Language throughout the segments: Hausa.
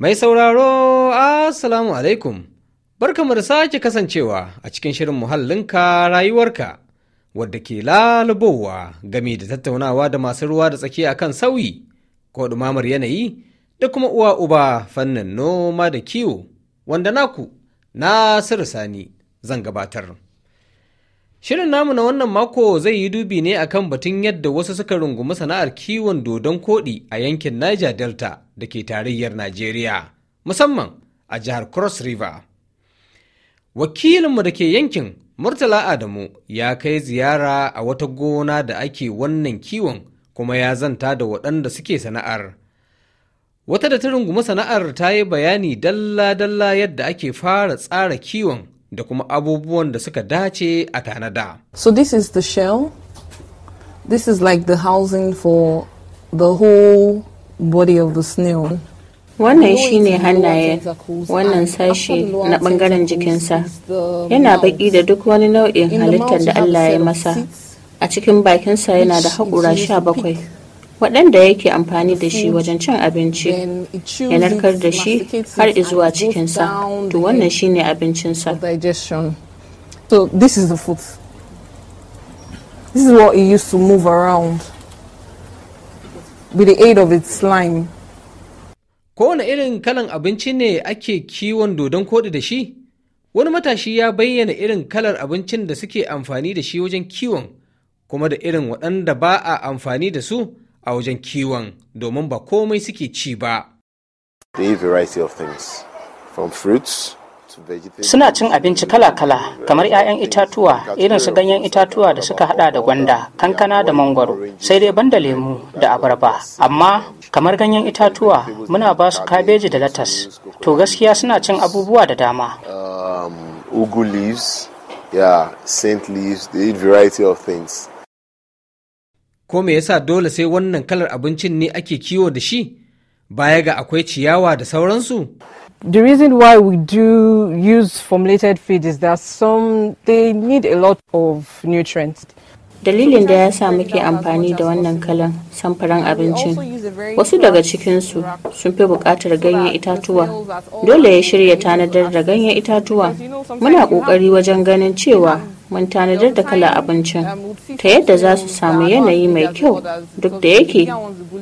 Mai sauraro, asalamu alaikum, barkamu da sake kasancewa a cikin shirin muhallinka rayuwarka, wadda ke lalubowa game da tattaunawa da masu ruwa da tsaki a kan sauyi ko ɗumamar yanayi da kuma uwa uba fannin noma da kiwo, wanda naku Nasiru Sani zan gabatar. Shirin namu na wannan mako zai yi dubi ne akan batun yadda wasu suka rungumi sana'ar kiwon dodon koɗi a yankin Niger Delta da ke tarayyar Najeriya, musamman a jihar Cross River. Wakilinmu da ke yankin Murtala Adamu ya kai ziyara a wata gona da ake wannan kiwon kuma ya zanta da waɗanda suke sana'ar. Wata da ta rungumi sana'ar ta yi bayani dalla-dalla yadda ake fara tsara kiwon da kuma abubuwan da suka dace a tanada. So this is the shell. This is like the housing for the whole body of the snail. Wannan shi ne hannaye wannan sashe na ɓangaren jikinsa. Yana baƙi da duk wani nau'in halittar da Allah ya masa. A cikin bakinsa yana da haƙura sha bakwai. waɗanda yake amfani da shi wajen cin abinci ya narkar da shi har izuwa cikinsa to wannan shine abincinsa Kowane irin kalan abinci ne ake kiwon dodon koɗi da shi? Wani matashi ya bayyana irin kalar abincin da suke amfani da shi wajen kiwon, kuma da irin waɗanda ba a amfani da su a wajen kiwon domin ba komai suke ci ba. Suna cin abinci kala-kala kamar 'ya'yan itatuwa irin su ganyen itatuwa da suka hada da gwanda, kankana da mangwaro, sai dai banda lemu da abarba. Amma kamar ganyen itatuwa muna ba su kabeji da latas. To gaskiya suna cin abubuwa da dama. Um, ugu leaves, yeah, saint leaves, they variety of things. ko me yasa dole sai wannan kalar abincin ne ake kiwo da shi baya ga akwai ciyawa da sauransu The reason why we do use formulated feed is that some they need a lot of nutrients. dalilin da ya sa muke amfani da wannan kalan samfuran abincin wasu daga cikinsu sun fi buƙatar ganyen itatuwa dole ya shirya tanadar da ganyen itatuwa muna ƙoƙari wajen ganin cewa mun tanadar da kala abincin ta yadda za su samu yanayi mai kyau duk da yake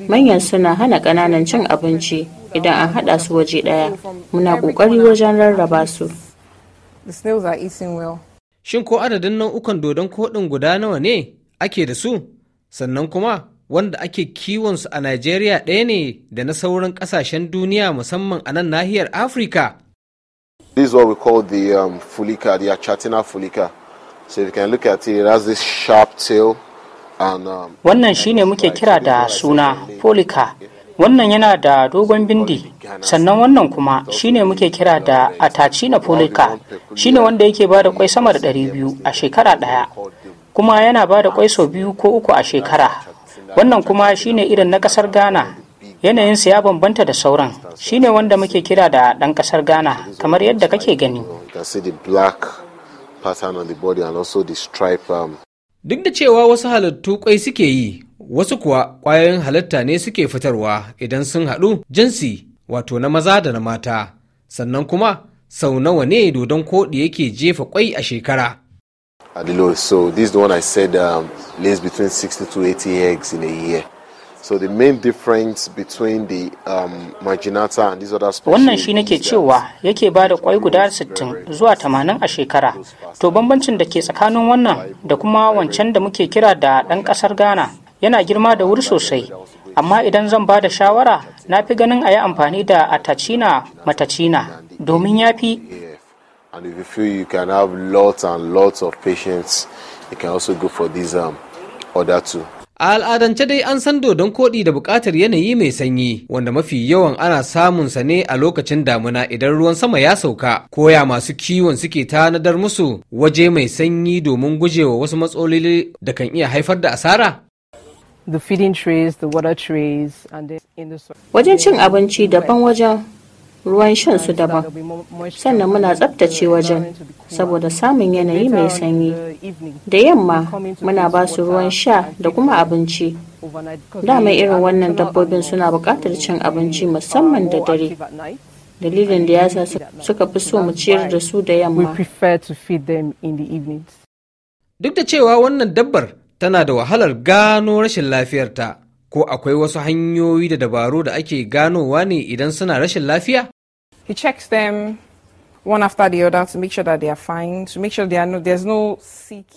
manyan suna hana ƙananan cin abinci idan an haɗa su waje ɗaya muna ƙoƙari wajen rarraba su The snails Shin ko adadin nau'ukan dodon koɗin guda nawa ne ake da su? Sannan kuma wanda ake kiwonsu a Najeriya ɗaya ne da na sauran ƙasashen duniya musamman a nan nahiyar Afirka. This is what we call the um, Fulica, the Achatina Fulica. So if you can look at it, it has this sharp tail and um, Wannan shine muke kira da suna Fulica. wannan yana da dogon bindi sannan wannan kuma shine muke kira da ataci na polika shine wanda yake ba da kwai sama da 200 a shekara daya kuma yana ba da kwai sau biyu ko uku a shekara wannan kuma shine irin na kasar ghana yanayinsa ya bambanta da sauran shine wanda muke kira da dan kasar ghana kamar yadda kake gani Duk da cewa wasu halittu kwai suke yi, wasu kuwa ƙwayoyin halitta ne suke fitarwa idan sun haɗu jinsi wato na maza da na mata, sannan kuma sau nawa ne dodon koɗi yake jefa kwai a shekara. Adilo, so this is the one I said um, lays between 60 to 80 eggs in a year. So the main difference between the um, marginata and these other species Wannan shi nake cewa yake ba da kwai guda 60 zuwa 80 a shekara. To bambancin da ke tsakanin wannan da kuma wancan da muke kira da ɗan ƙasar Ghana yana girma da wuri sosai. Amma idan zan ba da shawara na fi ganin a yi amfani da atacina matacina domin ya fi. And if you feel you can have lots and lots of patients, you can also go for these um, other two. A al'adance dai an san dodon koɗi da buƙatar yanayi mai sanyi wanda mafi yawan ana samunsa ne a lokacin damuna idan ruwan sama ya sauka. Koya masu kiwon suke tanadar musu waje mai sanyi domin gujewa wasu matsaloli da kan iya haifar da asara? Wajen cin abinci daban wajen ruwan shan su daban sannan muna tsabtace wajen saboda samun yanayi mai sanyi da yamma muna ba su ruwan sha da kuma abinci dama irin wannan dabbobin suna buƙatar cin abinci musamman da dare dalilin da ya sa suka fi so mu ciyar da su da yamma duk da cewa wannan dabbar tana da wahalar gano rashin lafiyarta ko akwai wasu hanyoyi da dabaru da ake ganowa ne idan suna rashin lafiya? He checks them one after the other to make sure that they are fine, to make sure they are no, there's no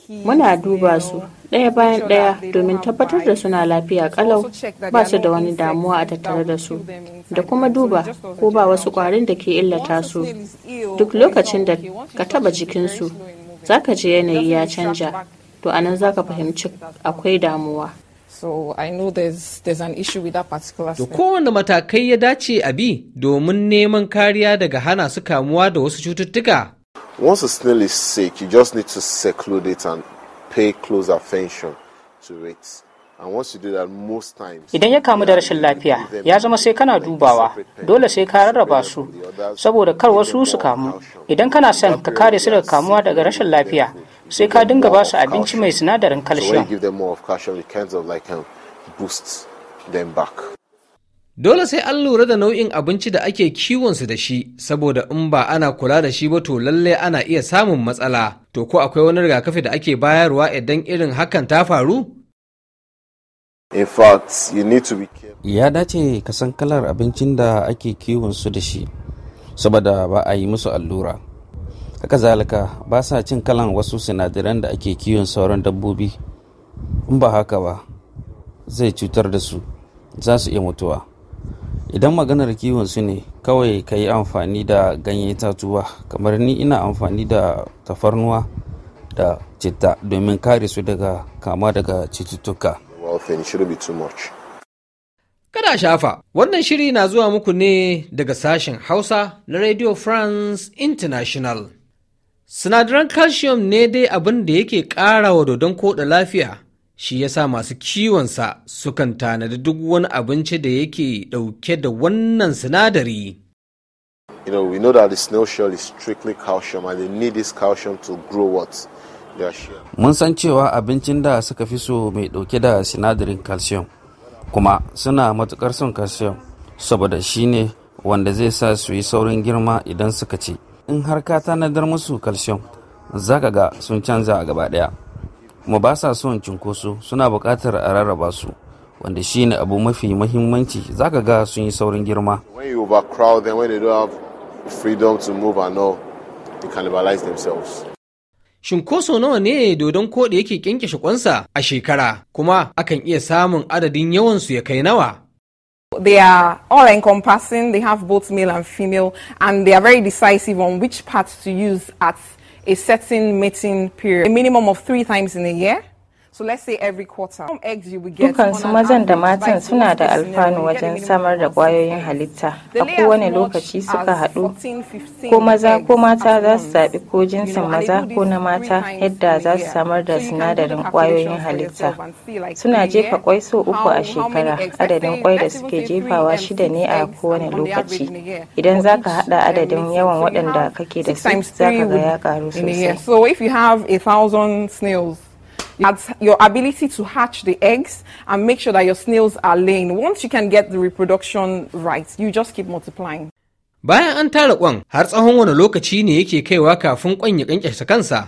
Muna duba su ɗaya bayan ɗaya domin tabbatar da suna lafiya kalau ba su da wani damuwa a tattare da su da kuma duba ko ba wasu ƙwarin da ke illata su duk lokacin da ka taba jikinsu za ka je yanayi ya canja to anan za ka fahimci akwai damuwa. so i know there's, there's an issue with that particular to kowane matakai ya dace a bi domin neman kariya daga hana su kamuwa da wasu cututtuka once a snail is sick you just need to seclude it and pay close attention to it Idan ya kamu da rashin lafiya, ya zama sai kana dubawa, dole sai ka rarraba su, saboda kar wasu su kamu. Idan kana son ka kare su daga kamuwa daga rashin lafiya, sai ka dinga ba su abinci mai sinadarin calcium um, Dole sai an lura da nau'in abinci da ake kiwonsu da shi, saboda in ba ana kula da shi ba to lallai ana iya samun matsala. To ko akwai wani rigakafi da ake bayarwa idan irin hakan ta faru? In fact, you need to be careful. Ya dace ka san kalar abincin da ake kiwonsu da shi, saboda ba a yi musu allura. haka zalika ba sa cin kalan wasu sinadaran da ake kiwon sauran dabbobi in ba haka ba zai cutar da su za su iya mutuwa idan maganar kiwon su ne kawai ka yi amfani da ganye tatuwa kamar ni ina amfani da tafarnuwa da citta domin kare su daga kama daga cututtuka kada shafa wannan shiri na zuwa muku ne daga sashen hausa na radio france international Sinadaran calcium ne dai abin da yake ƙara wa dodon koɗa lafiya, shi ya sa masu kiwonsa sukan tanadi duk wani abinci da yake ɗauke da wannan sinadari. You know, we know that the snail shell is strictly calcium and they need this calcium to grow what? Mun san cewa abincin da suka fi so mai ɗauke da sinadarin calcium, kuma suna matuƙar son calcium, saboda shi ne wanda zai sa su yi saurin girma idan suka ci. in har ka tanadar musu calcium za ka ga sun canza a gaba ɗaya kuma ba sa son cinkoso suna buƙatar a rarraba su wanda shi ne abu mafi mahimmanci za ka ga sun yi saurin girma Shinkoso nawa ne dodon koɗi yake kyankyashe kwansa a shekara kuma akan iya samun adadin yawansu ya kai nawa? they are all encompassing, they have both male and female, and they are very decisive on which parts to use at a certain mating period, a minimum of three times in a year. So let's say every quarter. Dukansu mazan da matan suna da alfanu wajen samar da kwayoyin halitta. A kowane lokaci suka haɗu ko maza ko mata za su zaɓi ko jinsin maza ko na mata yadda za su samar da sinadarin kwayoyin halitta. Suna jefa kwai so uku a shekara. Adadin kwai da suke jefawa shida ne a kowane lokaci. Idan za ka haɗa adadin yawan waɗanda kake da su za ka ga ya ƙaru sosai. It's your ability to hatch the eggs and make sure that your snails are laying. Once you can get the reproduction right, you just keep multiplying. Bayan an tara kwan har tsawon wani lokaci ne yake kaiwa kafin kwan ya kankashe kansa.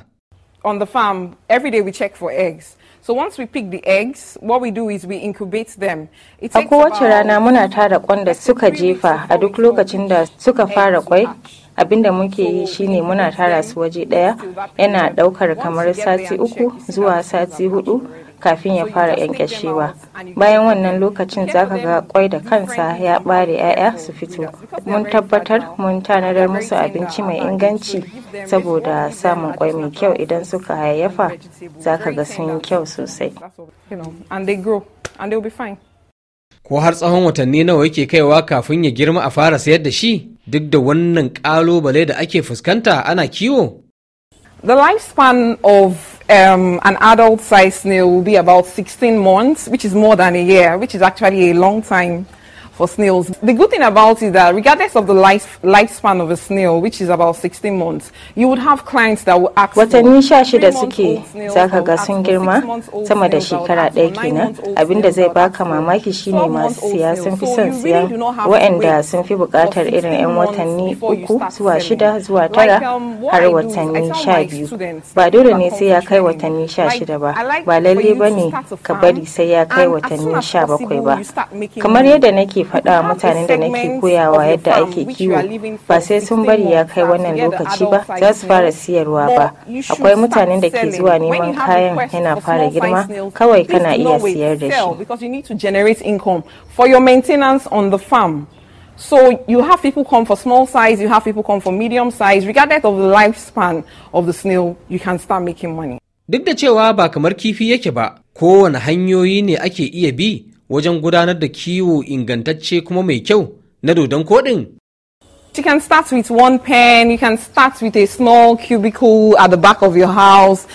On the farm, every day we check for eggs. So once we pick the eggs, what we do is we incubate them. A kowace rana muna tara kwan da suka jefa a duk lokacin da suka fara kwai abinda muke yi shine muna tara su waje ɗaya yana daukar kamar sati uku zuwa sati hudu kafin ya fara yankashewa bayan wannan lokacin zaka ga kwai da kansa ya bare 'ya'ya su fito mun tabbatar mun tanadar musu abinci mai inganci saboda samun kwai mai kyau idan suka hayayyafa zaka ga sun yi kyau sosai ko har tsawon watanni nawa yake kaiwa kafin ya girma a fara sayar da shi duk da wannan da ake fuskanta ana kiwo? The lifespan of um, an adult sized snail will be about 16 months, which is more than a year, which is actually a long time. for snails. The good thing about it is that regardless of the life lifespan of a snail, which is about 16 months, you would have clients that will ask Watanni sha shida suke zaka ga sun girma sama da shekara ɗaya kenan abinda zai baka mamaki shine masu siya sun fi son siya waɗanda sun fi buƙatar irin 'yan watanni uku zuwa shida zuwa tara um, har watanni sha biyu ba dole ne sai ya kai watanni sha shida ba ba lalle ba ne ka bari sai ya kai watanni sha bakwai ba kamar yadda nake faɗa mutanen da nake koyawa yadda ake kiwo ba sai sun bari ya kai wannan lokaci ba za su fara siyarwa ba akwai mutanen da ke zuwa neman kayan yana fara girma kawai kana iya siyar da shi So you have people come for small size, you have people come for medium size, regardless of the lifespan of the snail, you can start making money. Duk da cewa ba kamar kifi yake ba, kowane hanyoyi ne ake iya bi wajen gudanar da kiwo ingantacce kuma mai kyau na dodon koɗin? You can start with one pen, you can start with a small cubicle at the back of your house.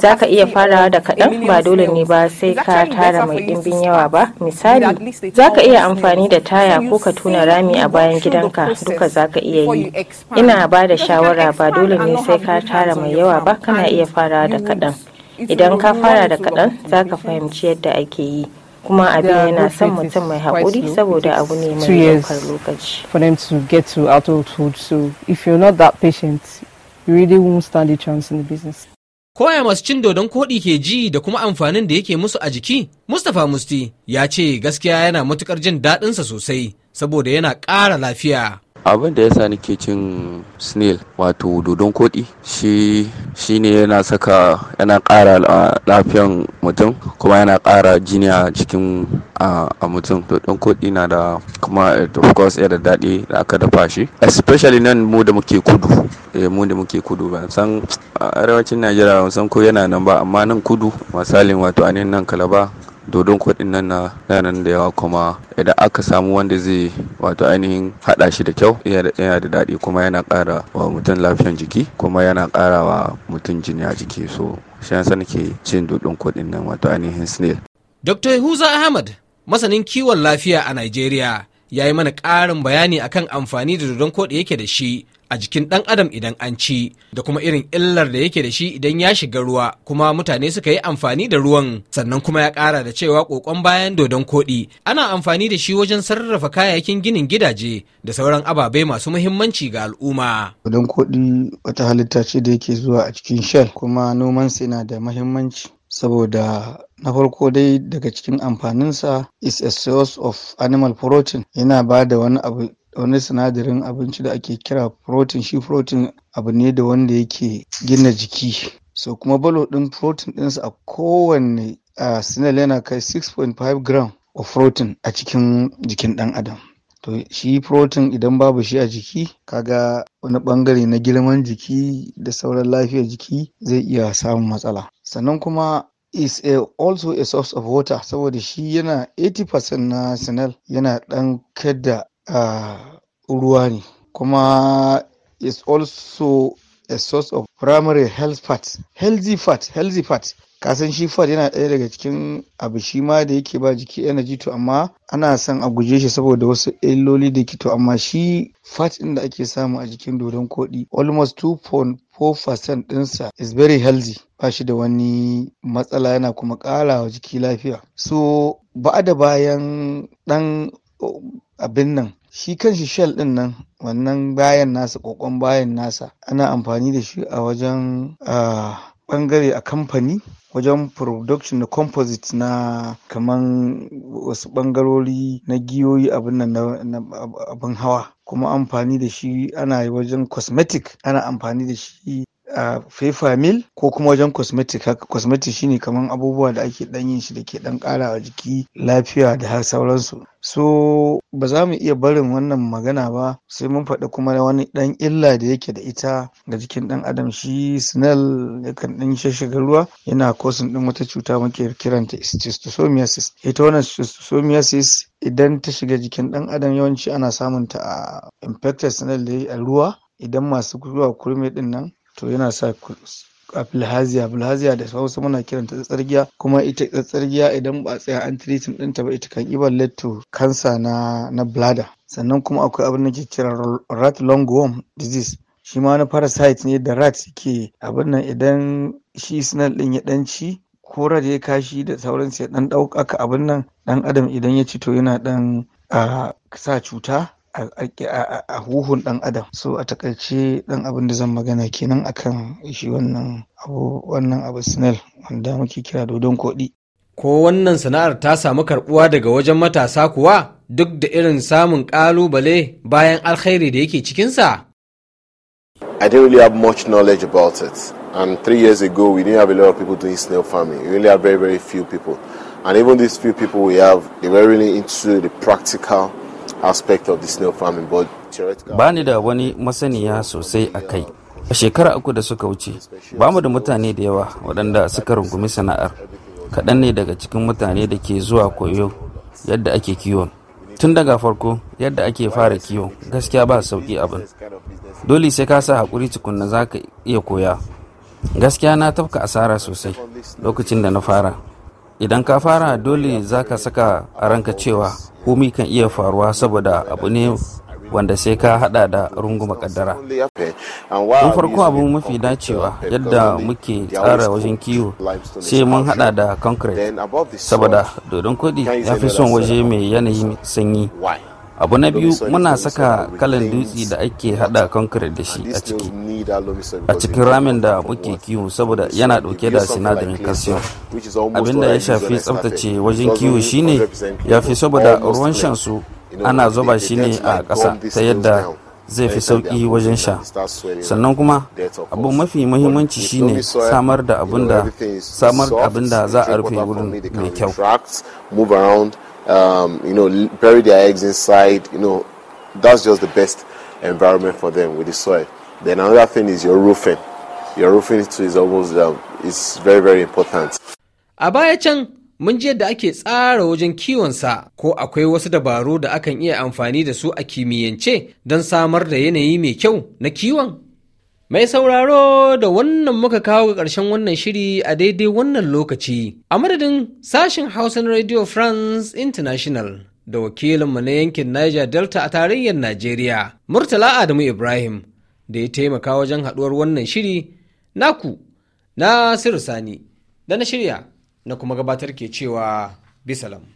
Za ka iya farawa da kaɗan ba dole ne ba sai ka tara mai ɗimbin yawa ba. Misali, za ka iya amfani da taya ko ka tuna rami a bayan gidanka duka za ka iya yi. Ina ba da shawara ba dole ne sai ka tara mai yawa ba kana iya farawa da kaɗan. Idan ka fara da kaɗan za ka fahimci yadda ake yi. kuma abin yana son mutum mai haƙuri saboda abu ne mai ɗaukar lokaci for them to get to adulthood so if you're not that patient you really won't stand a chance in the business koya masu cin dodon koɗi ke ji da kuma amfanin da yake musu a jiki mustapha musti ya ce gaskiya yana matukar jin daɗinsa sosai saboda yana ƙara lafiya abin da yasa nake cin snail wato dodon koɗi shi shine yana saka yana ƙara lafiyan mutum kuma yana ƙara jini a cikin a mutum dodon koɗi na da kuma of course yana da daɗi da aka dafa shi especially nan mu da muke kudu eh, mu da muke kudu ban san arewacin najeriya ban san ko yana nan ba amma nan kudu misalin wato a nan kalaba dodon kodin nan na nan da yawa kuma idan aka samu wanda zai wato ainihin haɗa shi da kyau yana da daɗi kuma yana ƙara wa mutum lafiyan jiki kuma yana ƙara wa mutum jini a jiki so shi yasa nake cin dodon kodin nan wato ainihin snail. Dr. huza Ahmad masanin kiwon lafiya a Najeriya ya yi mana ƙarin bayani akan amfani da dodon koɗi yake da shi a jikin ɗan adam idan an ci da kuma irin illar da yake da shi idan ya shiga ruwa kuma mutane suka yi amfani da ruwan sannan kuma ya ƙara da cewa ƙoƙon bayan dodon koɗi ana amfani da shi wajen sarrafa kayayyakin ginin gidaje da sauran ababai masu muhimmanci ga al'umma. Dodon koɗi wata halitta ce da yake zuwa a cikin shell kuma noman yana da muhimmanci saboda na farko dai daga cikin amfaninsa is a source of animal protein yana ba da wani abu wani sinadarin abinci da ake kira protein shi protein abu ne da wanda yake gina jiki so kuma balo din protein ɗinsa a kowanne a sinal yana kai 6.5 gram of protein a cikin jikin ɗan adam to shi protein idan babu shi a jiki kaga wani bangare na girman jiki da sauran lafiyar jiki zai iya samun matsala sannan kuma is a, also a source of water saboda shi yana 80% na sinal yana ɗan kada uh, ruwa ne kuma is also a source of primary health fat healthy fat healthy fat kasan shi fat yana ɗaya daga cikin abu shi ma da yake ba jiki energy to amma ana son a guje shi saboda wasu illoli da ke to amma shi fat ɗin da ake samu a jikin dodon koɗi almost 2.4% ɗinsa is very healthy ba shi da wani matsala yana kuma ƙara jiki lafiya so ba da bayan ɗan abin nan shi shi shell din nan wannan bayan nasa kokon bayan nasa ana amfani da shi a wajen bangare a kamfani wajen production da composite na kaman wasu bangarori na giyoyi abin nan na abin hawa kuma amfani da shi ana wajen cosmetic ana amfani da shi a fefa mil ko kuma wajen cosmetic haka cosmetic shine kamar abubuwa da ake dan yin shi da ke dan kara wa jiki lafiya da har sauransu so ba za mu iya barin wannan magana ba sai mun faɗi kuma wani dan illa da yake da ita ga jikin dan adam shi snell yakan dan shiga ruwa yana kosin din wata cuta muke kiranta schistosomiasis ita wannan schistosomiasis idan ta shiga jikin dan adam yawanci ana samunta a infected snell da a ruwa idan masu zuwa kurmi din nan to yana sa afilhaziya afilhaziya da hausa muna kiranta tsatsargiya kuma ita tsatsargiya idan ba a tsaya an tiritin ɗinta ba ita kan iban to kansa na na blada sannan kuma akwai abin da ke kira rat longworm disease shi ma na parasite ne da rat ke abin nan idan shi sinal ɗin ya ɗan ci ko rat ya kashi da sauransu ya ɗan ɗaukaka abin nan ɗan adam idan ya ci to yana ɗan a ah, sa cuta a huhun dan adam so a takaice dan abin da zan magana kenan akan shi wannan abu wannan abu snell wanda muke kira dodon koɗi ko wannan sana'ar ta samu karbuwa daga wajen matasa kuwa duk da irin samun kalubale bayan alkhairi da yake cikinsa I didn't really have much knowledge about it. And three years ago, we didn't have a lot of people doing snail farming. We really have very, very few people. And even these few people we have, they were really into the practical aspect of the snail farming but ba ni da wani masaniya sosai a kai a shekara uku da suka wuce ba mu da mutane da yawa waɗanda suka rungumi sana'ar kaɗan ne daga cikin mutane da ke zuwa koyo yadda ake kiwon tun daga farko yadda ake fara kiwo gaskiya ba sauƙi abin dole sai ka sa haƙuri tukunna za ka iya koya gaskiya na tafka asara sosai lokacin da na fara idan ka fara dole za ka saka a ranka cewa komi kan iya faruwa saboda abu ne wanda sai ka hada da runguma kaddara don farko abu mafi dacewa yadda muke tsara wajen kiwo sai mun hada da concrete saboda dodon kodi ya fi son waje mai yanayin sanyi abu na biyu muna saka kalan dutse da ake hada concrete da shi a ciki a cikin ramin da muke kiwo saboda yana dauke da sinadarin calcium abinda ya shafi tsaftace wajen kiwo shine ya fi saboda ruwan shan su ana zuba shi ne a ƙasa ta yadda zai fi sauƙi wajen sha sannan kuma abu mafi muhimmanci shine samar da abin da za a rufe wurin mai kyau um, you know, bury their eggs inside. You know, that's just the best environment for them with the soil. Then another thing is your roofing. Your roofing too is almost um, is very very important. A baya can mun ji yadda ake tsara wajen kiwon sa ko akwai wasu dabaru da akan iya amfani da su a kimiyyance don samar da yanayi mai kyau na kiwon. Mai sauraro da wannan muka kawo ga ƙarshen wannan shiri a daidai wannan lokaci, a madadin sashen Hausa Radio France International da wakilinmu na yankin Niger Delta a tarayyar Najeriya, Murtala Adamu Ibrahim, da ya taimaka wajen haɗuwar wannan shiri, naku, na Sani, da na shirya, na kuma gabatar ke cewa bisalam.